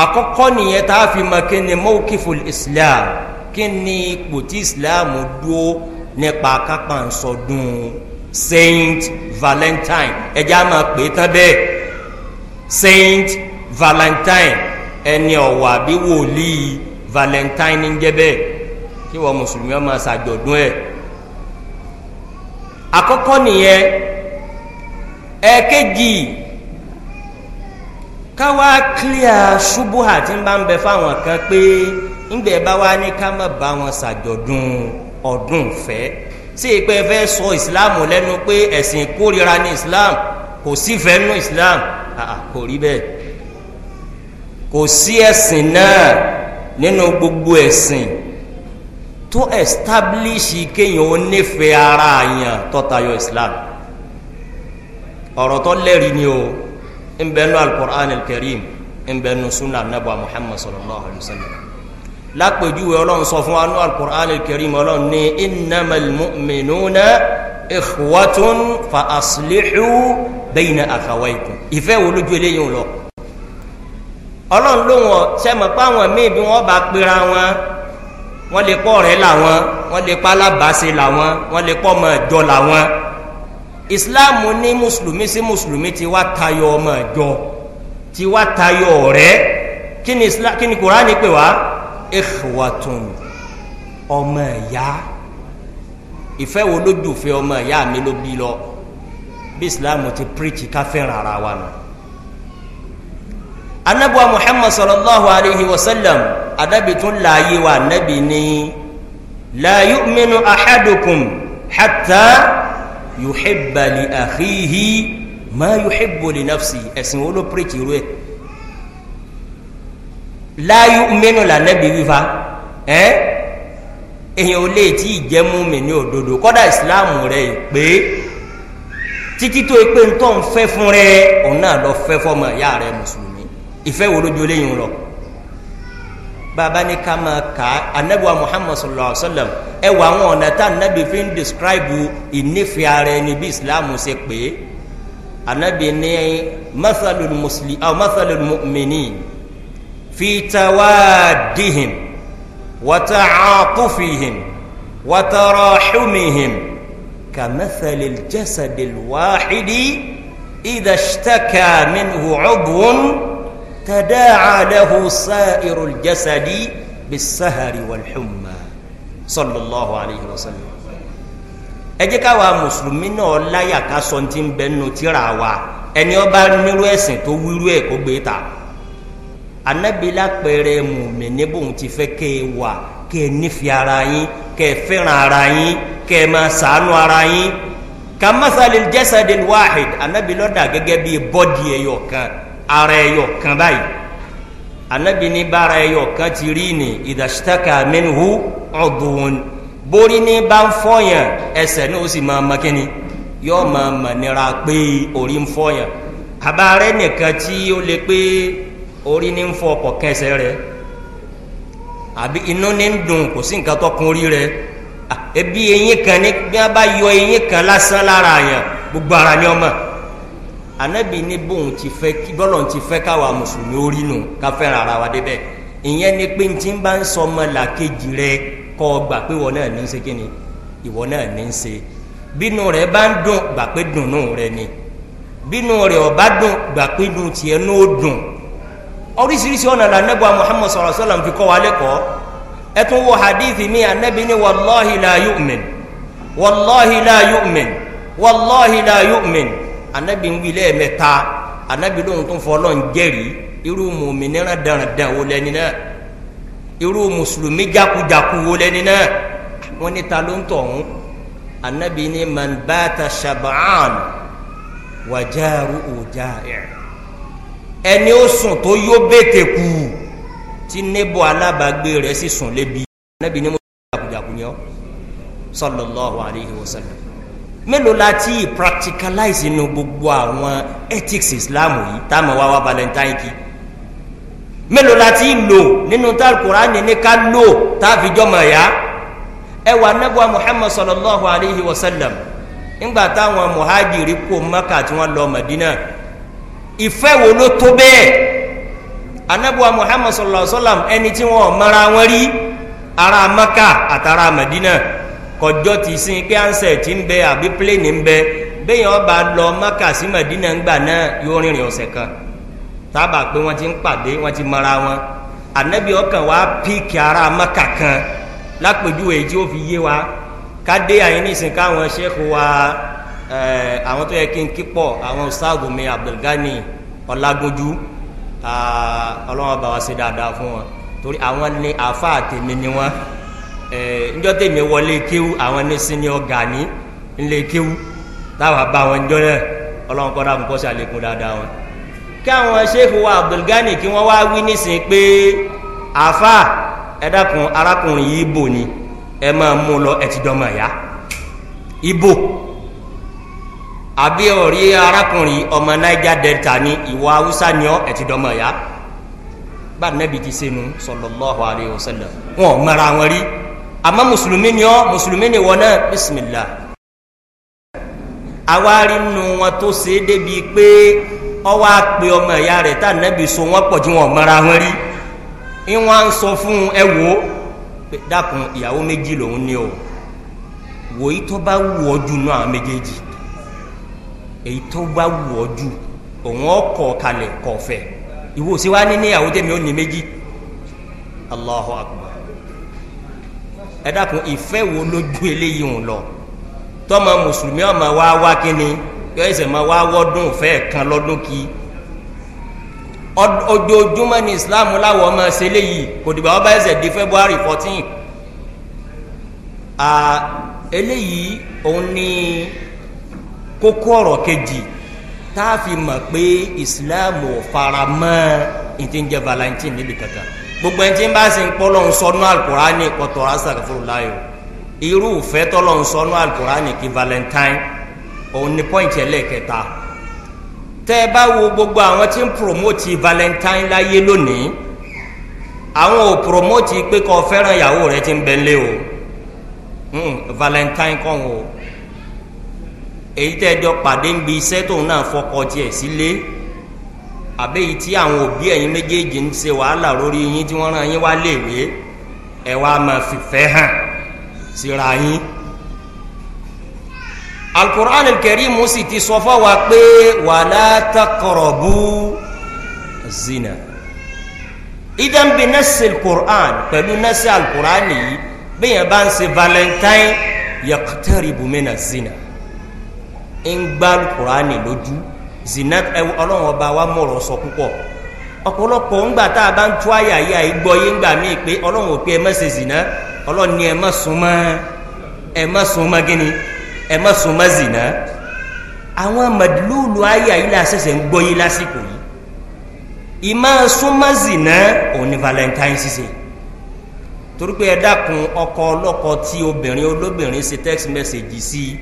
àkọ́kọ́ nìyẹn tá a fi mọ kí ni mawkiful islam kí ni ipò tí islam dúró nípa kápá ń sọdún. So saint valentine ẹjẹ a máa pè é tán saint valentine ẹni ọwà bí wòlíì valentine ń jẹ́ bẹ́ẹ̀ kí wọ́n mùsùlùmí ọmọ akọkọ ẹ̀ àkọ́kọ́ nìyẹn ẹ̀ẹ́kejì káwá clear ṣubú àti ń bá ń bẹ fáwọn kan pé ń bẹ̀ bá wá ní ká má bá wọn ọdún ṣé ìpè fẹ́ sọ islam lẹ́nu pé ẹ̀sìn ìkórira ní islam kò sífẹ̀ẹ́ nínú islam kò rí bẹ́ẹ̀ kò sí ẹ̀sìn náà nínú gbogbo ẹ̀sìn tó establish kéèyàn ó nífẹ̀ẹ́ ara àyàn tó islam ọ̀rọ̀ tó lẹ́rìí ni o ń bẹ nínú alukur'an alkarim ń bẹ nínú sunnah anabu muhammad sallallahu alayhi wa sallam lápèjúwe ọlọ́run sọ fún anú al-Qur'an al-Karim ọlọ́run ní innamal mu'minuna ikhwatun fa aslihu bayna akhawaykum ìfẹ́ wo lójú eléyìí ń lọ. ọlọ́run ló wọ̀ sẹ́mọ̀ páwọn míì bí wọ́n bá pera wọn wọ́n lè pọ̀ ọ̀rẹ́ làwọn wọ́n lè pa alábàáṣe làwọn wọ́n lè pọ̀ ọmọ ẹ̀jọ́ làwọn. ìsìláàmù ní mùsùlùmí sí mùsùlùmí ti wá tayọ ọmọ ẹ̀jọ́ ti wá tayọ ọ̀rẹ́ kí ni Kùránì pè wá ikhwatun ọmọ ìyá ìfẹ́ wo lójú fẹ́ ọmọ ìyá mi ló bí lọ bí islam ti preach ká fẹ́ràn ara wa nù. anabuwa muhammad sallallahu alayhi wa sallam adabi tún láàyè wa anabi ní la yu'minu ahadukum hatta yuhibba li ma yuhibbu nafsi ẹ̀sìn wo ló preach irú láyú mẹ́nu lànàbí wífa ẹ́ èèyàn ò lè tí ì jẹ́ mùmínì òdodo kọ́dà ìsìláàmù rẹ̀ pé títí tó pé ń tọ́ ń fẹ́ fún rẹ òun náà lọ fẹ́ fọmọ ìyá rẹ mùsùlùmí ìfẹ́ wo lójú eléyìí lọ bàbá ní ká máa kà á anabiwa muhammad sallallahu alaihi wa sallam ẹ wà àwọn ọ̀nà tá anabi fi ń describe ìnífẹ̀ẹ́ ara ẹni bí ìsìláàmù ṣe pé anabi ní masalul muslim aw masalul mu'minin. في توادهم وتعاطفهم وتراحمهم كمثل الجسد الواحد إذا اشتكى منه عضو تداعى له سائر الجسد بالسهر والحمى صلى الله عليه وسلم ẹ jẹ́ káwa mùsùlùmí náà láyà ká sọ ti ń bẹnu tíra wa ẹni ọba ẹ̀sìn tó ẹ̀ kó gbé ta. anabila pẹrẹ mùmíní bóun ti fẹ́ kẹ́ ẹ wà kẹ́ ẹ nífẹ̀ẹ́ ara yín kẹ́ ẹ fẹ́ràn ara yín kẹ́ ẹ máa sàánú ara yín kamasalil jasadil wahid anabi ló dà gẹ́gẹ́ bí bọ́dì ẹyọ kan ara ẹyọ kan báyìí anabi ní bára ẹyọ kan ti rí ni idashtaka minhu udhun borí ní bá ń fọyàn ẹsẹ̀ ní o sì máa mọ kíni yóò máa mọ̀ nira pé orí ń fọyàn àbá rẹ nìkan tí ó lè pé. orí ní ń fọ ọkọ̀ kẹsẹ̀ rẹ̀ àbí inú ní ń dùn kò sí nǹkan orí rẹ̀ ebi eyín kan ní bí wọ́n bá yọ eyín kan lásán lára àyàn gbogbo ara anabi ní bóun ti fẹ́ kí ti fẹ káwa mùsùlùmí orí nù ká ara wa ìyẹn ni pé ń bá ń sọ ọmọ làkejì gbà pé ìwọ náà ní í ṣe ìwọ náà ní í ṣe bínú oríṣiríṣi ọ̀nà la nẹ́bù muhammad sallallahu alaihi wasallam fi kọ́ wa lẹ́kọ̀ọ́ ẹ tún wo hadithi mi anabi ni wàlláhi la yu'min wàlláhi la yu'min wàlláhi la yu'min anabi ń wí lẹ́ẹ̀mẹ́ta anabi lóhun tó ń fọlọ́ ń jẹ́rìí irú mùmìnira dandan wo lẹ́ni náà irú mùsùlùmí jákujàku wo lẹ́ni náà wọ́n ní ta ló ń tọ̀hún anabi ni man bata shab'an wàjáru òjá ẹ̀. ẹni ó sùn tó yó bètè kù tí nebo alábàgbé rẹ̀ sì sùn lébi anabi ni mo sọ jàkújàkú ni ọ sallallahu alayhi wa sallam mélòó la ti practicalize inú gbogbo àwọn ethics islam yìí tá a mọ̀ wá wá valentine kì mélòó la ti lò nínú tá alukur'an ní ká lò tá a fi jọmọ ya ẹ wà nebo muhammad sallallahu alayhi wa sallam ńgbà táwọn muhajiri kó maka tí wọn lọ madina. ìfẹ́ wo ló tó bẹ́ẹ̀ anabuwa muhammad sallallahu alaihi wa sallam ẹni tí wọn mara wọn rí ara maka àtara madina kọjọ ti sin pé ansẹ ti ń bẹ àbí pléènì ń bẹ bẹ́yìn ọba lọ maka sí madina ńgbà náà yóò rìnrìn ọ̀sẹ̀ kan tábà pé wọ́n ti ń pàdé wọ́n ti mara wọn anabi ọkàn wa píìkì ara maka kan lápèjúwe tí ó fi yé wa ká dé àyínísìn káwọn ṣẹ́kù wa. Eh, àwọn tó yẹ kí n kí pọ̀ àwọn ustaadu mi Abdulgani Ọlágúnjú ọlọ́wọ́n bá wa ṣe dáadáa fún wọn torí àwọn ní àfa àtẹ̀mí ni wọn eh, njọ́ tèmi wọlé kéwú àwọn ní senior gani ńlẹ̀ kéwú táwọn bá wọn jọ náà ọlọ́wọ́n kọ́ dáàbò kọ́sí àlékún dáadáa wọn. kí àwọn sèfù wa Abdulgani kí wọ́n wá wí nísìnyí pé àfa ẹ dákun arákùnrin yìí bò ni ẹ máa mú lọ ẹ ti àbí ọ̀rí arákùnrin ọmọ niger delta ní ìwà haúsá ni ọ ẹ̀ ti dọ́mọ̀ ya bá nẹ́bi ti sẹ́nu sallallahu alayhi wa sallam wọn ò mara wọn rí àmọ́ mùsùlùmí ni ọ mùsùlùmí ni wọn náà bismillah àwárí nu wọn tó ṣe é débi pé ọwọ́ àpè ọmọ ìyá rẹ̀ tá nẹ́bi so wọn pọ̀ ju wọn mara wọn rí ìwọ̀n à ń sọ fún ẹ wò ó dákun ìyàwó méjì lòún ní o wòyí tó bá wù ọ́ jù náà méjèèjì èyí tó bá wù ọ jù òun ọkọ kalẹ̀ kọfẹ ìwọ sí wa níní àwọn tẹmí ó ní méjì Allahu Akbar ẹ dákun ìfẹ́ wo lójú eléyìí ń lọ tọmọ mùsùlùmí ọmọ wa wá kínní yọ ẹsẹ ma wá wọdún fẹ kan lọdún kí ojoojúmọ́ ní Islam láwọ ọmọ ṣe léyìí kò dìgbà wọn bá ẹsẹ di February fourteen eléyìí òun ni. Uh, kókó ọ̀rọ̀ kejì tá a fi mọ̀ pé islam ò fara mọ́ ẹ̀ ti ń jẹ́ valentine níbi kankan gbogbo ẹ̀ ti ń bá ṣe ń pọ́lọ́ ń sọnú alukurani kọ́tọ̀ rasa kẹfọ́rọ̀ láyò irú ìfẹ́ tọ́lọ́ ń sọnú alukurani kí valentine òun ni pọ́ǹtì ẹlẹ́ẹ̀kẹta tẹ́ ẹ bá wo gbogbo àwọn tí ń promote valentine láyé lónìí àwọn ò promote pé kó fẹ́ràn ìyàwó rẹ ti ń bẹ́ńlẹ̀ o hmm, valentine kọ́ wọn o èyí tẹ́ jọ pàdé ń bi iṣẹ́ tóun náà fọkọ tiẹ̀ sílé àbẹ́yìí tí àwọn òbí ẹ̀yin méjèèjì ń ṣe wàhálà lórí yín tí wọ́n rán yín wá léèwé ẹ wá máa fìfẹ́ hàn síra yín alukur'an kẹrìmù sì ti sọ fún wa pé wàlá takọrọ̀bù zina idan bi alukur'an pẹ̀lú nasi alukur'an yìí bẹ́ẹ̀ bá ń ṣe valentine yaqtaribu mina zina ń gbá kùránì lójú zina ẹwọ ọlọ́run ọba wa mọ̀rọ̀ sọ púpọ̀ ọ̀pọ̀lọpọ̀ ńgbà tá a bá ń tú àyà yìí àìgbọ́ yé ńgbà míì pé ọlọ́run ò ẹ má ṣe zina ọlọ́run ni ẹ má sún mọ́ ẹ má sún mọ́ ẹ má sún zina àwọn màdìlúùlù àyà yìí la ṣẹ̀ṣẹ̀ ń gbọ́ yé lásìkò yìí ìmọ̀ sún zina òun valentine ṣiṣẹ́ torí pé ẹ dákun ọkọ ọlọ́kọ tí obìnrin olóbìnrin ṣe text message sí i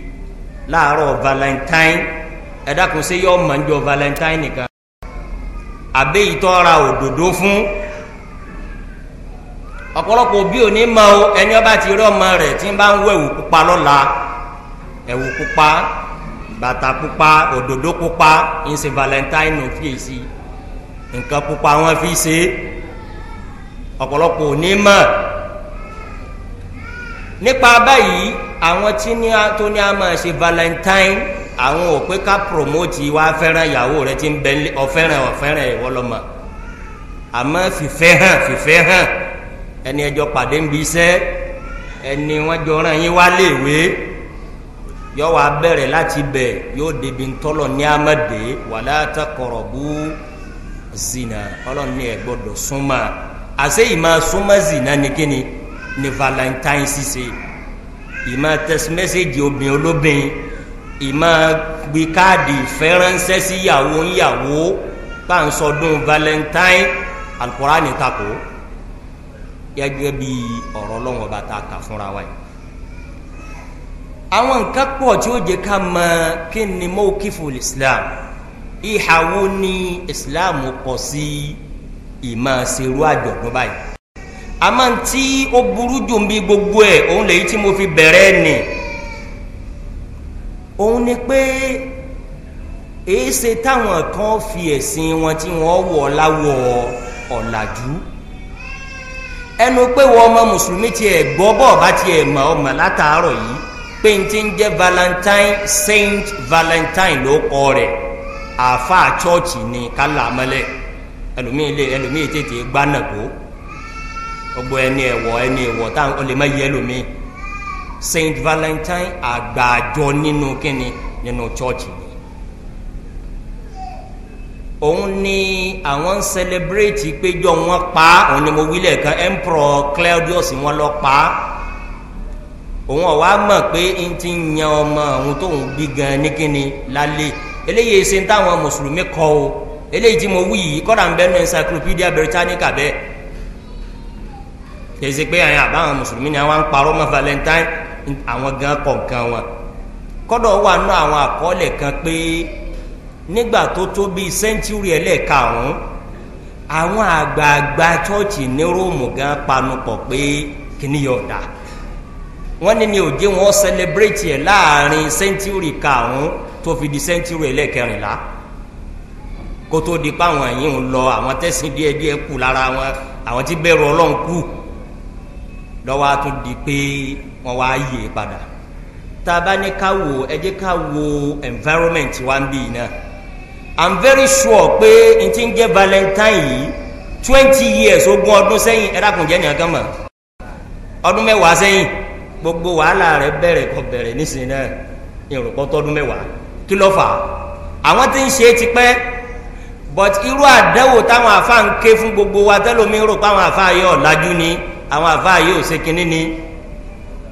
láàárọ̀ valentine ẹ̀dá kò sí yọ ọmọ níjọ valentine nìkan àbẹ́ ìtọ́ra òdòdó fún ọ̀pọ̀lọpọ̀ bí òní mọ o ẹni ọba ti rí ọmọ rẹ̀ tí ń bá ń wọ ẹ̀wù pupa lọ́la ẹ̀wù pupa bàtà pupa òdòdó pupa ń ṣe valentine fèsì nǹkan pupa wọn fi ṣe ọ̀pọ̀lọpọ̀ òní mọ̀ nípa báyìí àwọn tí ní tó ní a máa ṣe valentine àwọn ò pé ká promote wa fẹ́ràn ìyàwó rẹ ti ń bẹ ọ̀fẹ́ràn ọ̀fẹ́ràn ìwọ lọ́mọ àmọ́ fìfẹ́ hàn fìfẹ́ hàn ẹni ẹjọ́ pàdé ń bi iṣẹ́ ẹni wọ́n jọ ràn yín wá léèwé yóò wá bẹ̀rẹ̀ láti bẹ̀ yóò débi ńtọ́lọ̀ ní amadé wàlá takọ̀rọ̀ bú zina ọlọ́ni ẹ̀ gbọ́dọ̀ súnmọ́ àṣẹ ìmọ̀ súnmọ́ zina ni kíni ni valentine ṣiṣẹ́. Si ìmọ̀ tẹsí mẹ́sẹ̀gì obìnrin olóbìn ìmọ̀ gbé káàdì fẹ́ránṣẹ́ sí ìyàwó ìyàwó pàǹsọ̀dún valentine alukurani tako gẹ́gẹ́ bí ọ̀rọ̀ Ọlọ́run ọba tá a kà fúnra wa yìí àwọn nǹkan pọ̀ tí ó jẹ́ ká mọ kí ni mọ́kìfù islam ìhàwó ni islam kò sí ìmọ̀ ṣerú àjọ̀dún báyìí. àmọ́ tí o buru jù bí gbogbo ɛ òun lèyí tí mo fi bẹ̀rẹ̀ nì òun ni pé èéṣe táwọn kan fi ẹ̀sìn wọn tí wọ́n wọ láwọ ọ̀làjú ẹnu pé wọn ọmọ mùsùlùmí tiẹ̀ gbọ́ bọ́ọ̀ bá mọ̀ ọmọ látàárọ̀ yìí pé ti ń jẹ́ valentine saint valentine ló rẹ̀ àáfàá chọ́ọ̀chì ni ẹlòmíì tètè gbogbo ẹni ẹ̀wọ̀ ẹni ẹ̀wọ̀ táwọn olè má yẹ lómi saint valentine àgbàjọ nínú kíni nínú chọ́ọ̀chì ni òun ni àwọn ń sẹlẹbírẹ́tì péjọ wọn pa òun ni mo wí lẹ́ẹ̀kan emperor claudius wọn lọ pa òun ọ̀wá mọ̀ pé n ti yan ọmọ òun tóun bí gan ní kíni lálẹ́ eléyìí ṣe ń táwọn mùsùlùmí kọ o eléyìí tí mo wí yìí kọ́ra ń bẹ́ẹ̀ ní encyclopedia britannica bẹ́ẹ̀ kèsì pé àyàn àbáwọn mùsùlùmí ni àwọn ń parọ́ mọ́ valentine àwọn gan kọ̀ọ̀kan wọn kọ́dọ̀ wà nú àwọn àkọọ́lẹ̀ kan pé nígbà tó tó bíi sẹ́ńtúrì ẹlẹ́ẹ̀karùn-ún àwọn àgbààgbà chọ́ọ̀chì ní róòmù gan panupọ̀ pé kíní yóò dà wọ́n ní ni òjé wọn sẹlẹbírẹ́tì ẹ̀ láàrin sẹ́ńtúrì karùn-ún tó fi di sẹ́ńtúrì ẹlẹ́ẹ̀kẹrìnlá kó tó di pa àwọn yìí ń lọ àwọn tẹ̀sìn díẹ̀díẹ̀ kù lára wọn àwọn tí bẹ̀rù ọlọ́run kù lọ́wọ́ tún di pé wọ́n wá yè padà tá a bá ní ká wo ẹ jẹ́ ká wo environment wa ń bì náà i'm very sure pé n ti ń jẹ́ valentine yìí twenty years ogún ọdún sẹ́yìn ẹ dákun jẹ́ nìkan mọ̀ ọdún mẹ́wàá sẹ́yìn gbogbo wàhálà rẹ bẹ̀rẹ̀ kọ bẹ̀rẹ̀ nísìnyí náà ìrùkọ́ tọdún mẹ́wàá kí ló fà á àwọn tí ń ṣe tipẹ́ but irú àdánwò táwọn àfa ń ké fún gbogbo wa tẹ́lómi rò pé àwọn àfa yọ ọ̀làjú ni àwọn àfa yìí ò ṣe kinní ni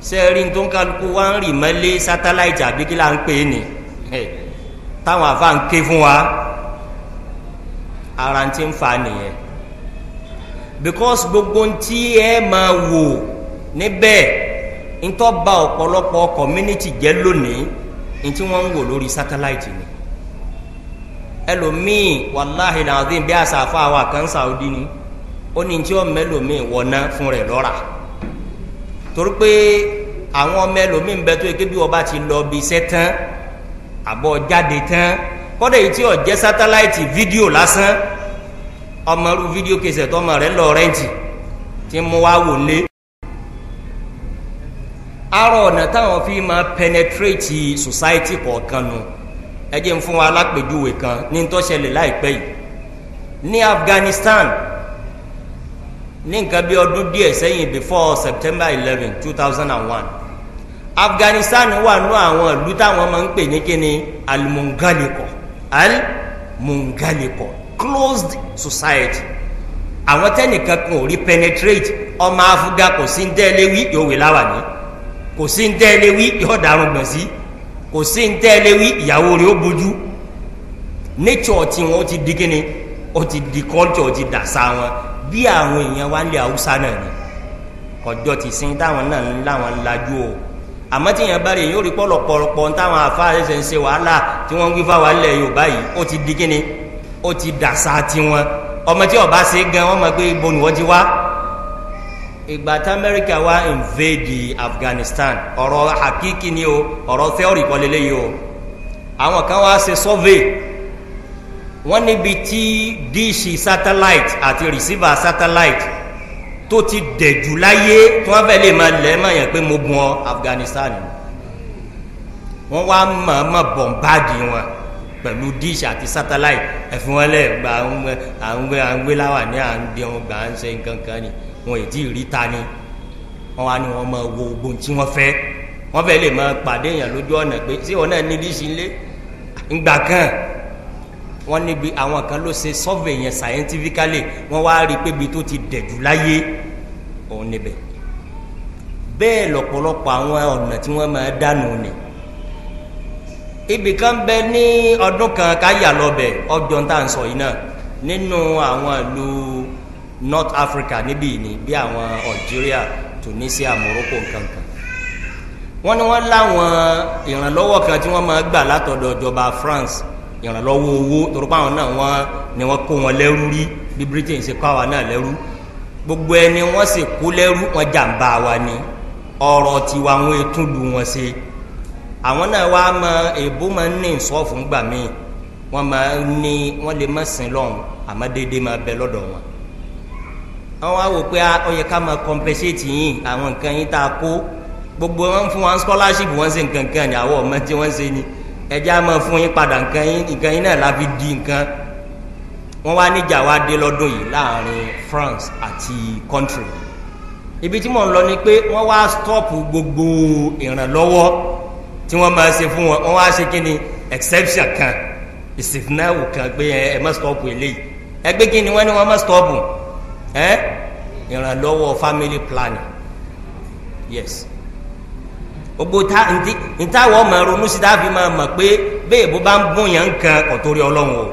sẹ́ẹ̀rì tó ń kálukú wá ń rì mọ́lé sátáláìtì àbí kí là ń pè é ni táwọn àfa ń ké fún wa ara ti ń fa nìyẹn because gbogbo ntí ẹ máa wò níbẹ̀ ntọ́ ba ọ̀pọ̀lọpọ̀ community jẹ́ lónìí ntí wọ́n ń wò lórí sátáláìtì ni ẹlòmíì wàláhìí làwọn bí àṣà àfa àwọn àkànṣà òdì ni. Elomii, ó ní tí ó mẹ́lòmíì wọ̀ná fún rẹ̀ lọ́ra torí pé àwọn mẹ́lòmíì bẹ tó yẹ kí bí wọ́n bá ti lọ bí iṣẹ́ tán àbọ̀ jáde tán kọ́dọ̀ yìí tí ó jẹ́ sátáláìtì fídíò lásán ọmọ fídíò kẹsẹ̀ tó ọmọ rẹ̀ lọ rẹ́ǹtì tí mo wá wò lé arọ ọ̀nà táwọn fi máa penetrate society kọ̀ọ̀kan nu ẹ jẹ́ n fún wa alápèjúwe kan ní tó láìpẹ́ yìí ní Afghanistan ní nǹkan bí ọdún díẹ̀ sẹ́yìn before September eleven two thousand and one Afghanistan wà nú àwọn ìlú táwọn máa ń pè ní kíni alimungalikọ alimungalikọ closed society àwọn tẹnìkan kan ò rí penetrate ọmọ afuga kò sí ń tẹ́lẹ̀ wí yóò wé láwà ní kò sí ń tẹ́lẹ̀ wí yóò darun gbọ̀n sí kò sí ń tẹ́lẹ̀ wí ìyàwó rẹ̀ ó bójú nature tiwọn ó ti di kíni ó ti di culture ó ti dàsa wọn bí àwọn èèyàn wa lé haúsá náà ni ọjọ́ ti sin táwọn náà ń láwọn lajú o àmọ́ tí èèyàn bá rè yóò rí pọ̀lọ̀pọ̀lọpọ̀ táwọn àfáà ṣẹ̀ṣẹ̀ ń ṣe wàhálà tí wọ́n ń wí fáwọn ilẹ̀ yorùbá yìí ó ti di kíni ó ti dàsa tiwọn ọmọ tí ọba ṣe gan wọn mọ pé ibo ni wọ́n ti wá ìgbà tí amẹ́ríkà wá invade afghanistan ọ̀rọ̀ hakiki ni o ọ̀rọ̀ theory kọ́lélẹ́yìí o àwọn kan wá ṣe survey wọ́n níbi tí díìṣì satellite àti receiver satellite tó ti dẹ̀jù láyé tí wọ́n fẹ́ lè máa lẹ́ mọ̀ yẹn pé mo bùn ọ Afghanistan wọ́n wá mọ̀ọ́mọ̀ bọ̀m̀báàdì wọn pẹ̀lú díìṣì àti satellite ẹ̀fún wọn lẹ̀ gba àwọn gbéláwà ní à ń dẹun gbà ń ṣe nǹkan kan ni wọn ì tí ì rí ta ni wọn wá ní wọn máa wo ogun tí wọn fẹ́ wọn fẹ́ lè máa pàdé èèyàn lójú ọ̀nà pé ṣé wọn náà ní díìṣì ńlé ńgbà kan wọ́n níbi àwọn kan ló ṣe survey yẹn scientifically wọ́n wá rí i pé ibi tó ti dẹ̀jú láyé òun níbẹ̀ bẹ́ẹ̀ lọ́pọ̀lọpọ̀ àwọn ọ̀nà tí wọ́n máa dànù ni ibì kan bẹ ní ọdún kan káyà lọ́bẹ̀ ọjọ́ tá à ń sọ yìí náà nínú àwọn ìlú North Africa níbí ni bí àwọn Algeria Tunisia Morocco nkankan wọ́n ní wọ́n láwọn ìrànlọ́wọ́ kan tí wọ́n máa gbà látọ̀dọ̀ ìjọba France ìrànlọ́wọ́ owó torípa àwọn náà wọ́n ni wọ́n kó wọn lẹ́rú rí bí britain ṣe kó àwa náà lẹ́rú gbogbo ẹni wọ́n sì kó lẹ́rú wọn jàǹbá wa ni ọ̀rọ̀ tiwa wọn tún lu wọn ṣe àwọn náà wàá mọ èbó máa ń ní ìsọ́ọ̀fù ńgbà míì wọ́n máa ń ní wọ́n lè má sìn lọ́hùn àmọ́ déédéé máa bẹ lọ́dọ̀ wọn àwọn á wò pé ó yẹ ká máa compensate yín àwọn nǹkan yín tá a kó gbogbo wọn fún wọn scholarship wọn ṣe nǹkan kan ní àwọn ọmọ tí wọn ṣe ni ẹjẹ a máa fún yín padà nǹkan yín nǹkan yín náà la fi di nǹkan wọn wá níjà wá dé lọ́dún yìí láàrin France àti country ibi tí mò ń lọ ni pé wọn wá stọọpù gbogbo ìrànlọ́wọ́ tí wọn máa ṣe fún wọn wọn wá ṣe kí ni exception kan ìsìnkú kan pé ẹ má stọọpù eléyìí ẹgbẹ́ kí ni wọ́n ní wọ́n má stọọpù ẹ ìrànlọ́wọ́ family planning yes gbogbo ta ntí ntáwọ̀ ọmọ ronú sí táàfin máa mọ̀ pé bẹ́ẹ̀ bó bá ń bún yẹn nǹkan kò torí ọlọ́run o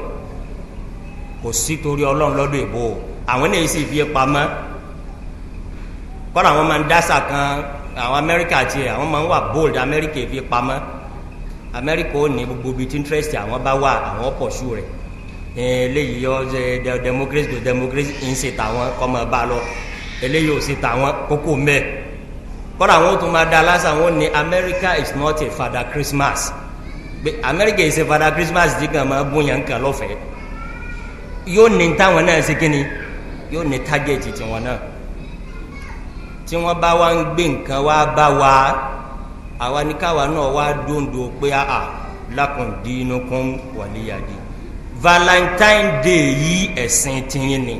kò sí torí ọlọ́run lọ́dọ̀ èbó o àwọn náà sì fi pamọ́ kọ́ra àwọn máa ń dásà kan àwọn amẹ́ríkà àti àwọn máa ń wà bold amẹ́ríkà fi pamọ́ amẹ́ríkà ó ní gbogbo ibi tí interest àwọn bá wà àwọn pọ̀ṣù rẹ̀ eléyìí yọ democracy to democracy ń ṣe tàwọn kọ́ mọ́ bá lọ eléyìí ò ṣe tàwọn kókó mẹ́ẹ̀ kọ́ra àwọn tó máa da aláṣà wọn ni America is not a father Christmas pé America is a father Christmas ti kàn máa bóyá nǹkan lọ́fẹ̀ẹ́ yóò ní táwọn náà ṣe kínni yóò ní target tiwọn náà tí wọ́n bá wá ń gbé nǹkan wá bá wa àwa ní káwa náà wá dóńdó pé àà lákùndínlókun wàlíyàdí Valentine Day yìí ẹ̀sìn tìyín ni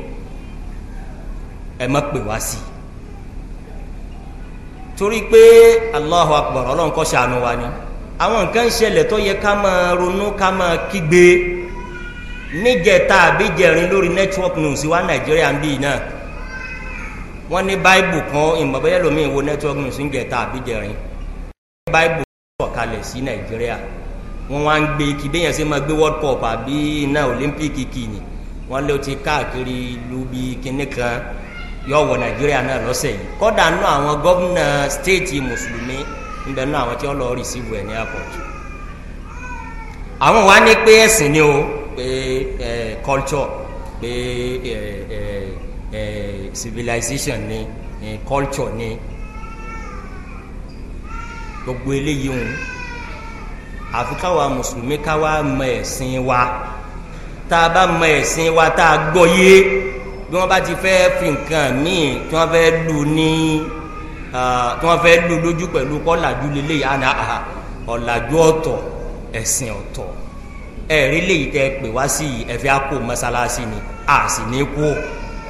ẹ má pè wá sí i. torí pé Allahu Akbar ọlọ́run kọ́ ṣàánú wa ni àwọn nǹkan ṣẹlẹ̀ tó yẹ ká máa ronú ká máa kígbe níjẹta àbíjẹrin lórí network news wa nàìjíríà ń bì náà ní báìbù kan ìmọ̀bẹ́yẹ lómi ìwo network news ń jẹta àbíjẹrin báìbù sọ̀kalẹ̀ sí nàìjíríà wọ́n wá ń gbé kí bẹ́yẹn ṣe máa gbé world cup àbí iná olympic kì ni Wọn ti káàkiri lu kan. yọ wọ nàìjíríà náà lọ́sẹ̀ yìí kódà nù àwọn gómìnà stéètì mùsùlùmí ń bẹ nù àwọn tí wọ́n lọ rìsíìvù ẹ̀ ní airport àwọn wa ní pé ẹ̀sìn ni o pé ẹ culture pé ẹ ẹ ẹ civilization ni ẹ culture ni gbogbo eléyìí ń àfi káwa mùsùlùmí káwa mọ ẹ̀sìn wa tá a bá mọ ẹ̀sìn wa tá a gbọ́ yé bí wọ́n bá ti fẹ́ fi nǹkan míì tí wọ́n fẹ́ lù ní tí wọ́n fẹ́ lù lójú pẹ̀lú kọ́làjú lélẹ́yìí àná ọ̀làjú ọ̀tọ̀ ẹ̀sìn ọ̀tọ̀ ẹ̀rí léyìí tẹ́ pè wá sí ẹ̀fẹ́ àpò mọ́sálásí ni a sì ní kú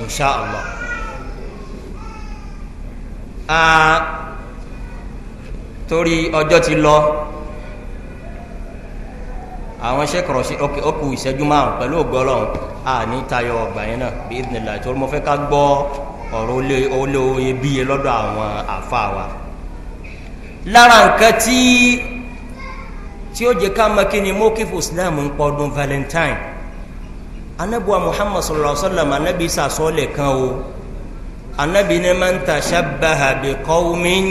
insha allah. torí ọjọ́ ti lọ àwọn sẹ́kọ̀rọ̀ sí ọkù ìṣẹ́jú márùn pẹ̀lú ògbọ́lọ́hún a ní tayọ ọgbà yẹn náà bí ìdìnnìlá tí mo fẹ́ ká gbọ́ ọ̀rọ̀ olówó iyebíye lọ́dọ̀ àwọn àfa wa lára nǹkan tí tí ó jẹ ká mọ̀ kí ni mokifu islam ń pọdún valentine anabiwa muhammad sallallahu alaihi wa sallam anabi sàsọlẹ kan o anabi ni man tashabbaha bi qawmin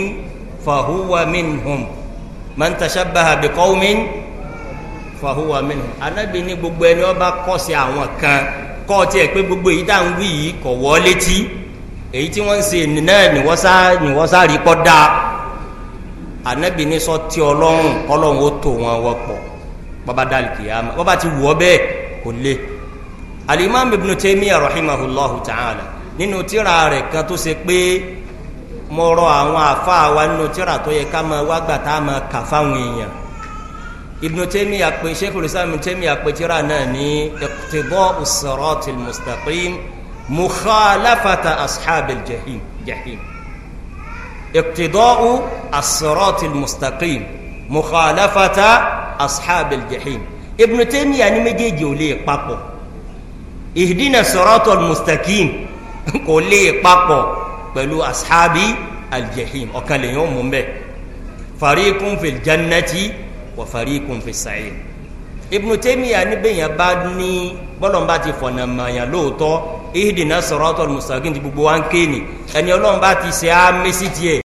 fahuwa minhum man tashabbaha bi qawmin fahuwa minhu anabi ní gbogbo ẹni ọba kọsí àwọn kan kọ tiẹ̀ pé gbogbo èyí tá à ń wí yìí kọ wọ létí èyí tí wọ́n ń ṣe náà nìwọsá nìwọsá rí kọ dá anabi ní sọ tí Ọlọ́run kọlọrun ó tò wọn wọpọ bàbá dàlí kìyàmá bàbá ti wọ bẹ́ẹ̀ kò lé alimami ibn Taymiyyah rahimahullahu ta'ala nínú tírà rẹ̀ kan tó ṣe pé mo rọ àwọn àfa wa nínú tírà tó yẹ ká máa wá gbà máa kà fáwọn èèyàn Ibn Taymiyyah pè Sheikhul Islam Ibn Taymiyyah pè tírà náà ní Iqtida'u Siratil Mustaqim Mukhalafata Ashabil Jahim Jahim Iqtida'u Siratil Mustaqim Mukhalafata Ashabil Jahim Ibn Taymiyyah ní méjèèjì ò lè papọ̀ Ihdina Siratil Mustaqim kò lè papọ̀ pẹ̀lú Ashabi Al-Jahim ọ̀kan lèyìn ó mú bẹ́ẹ̀ Fariqun fil Jannati. wa fariqun fi sa'ir Ibnu Taymiyyah ní bẹ́yẹn bá ní bọ́lọ̀mbá ti fọ̀nà mọ̀ọ́yàn lóòótọ́ ihdina siratal mustaqim ti gbogbo wa ń ké ni ẹni Ọlọ́run ti ṣe á mẹ́sì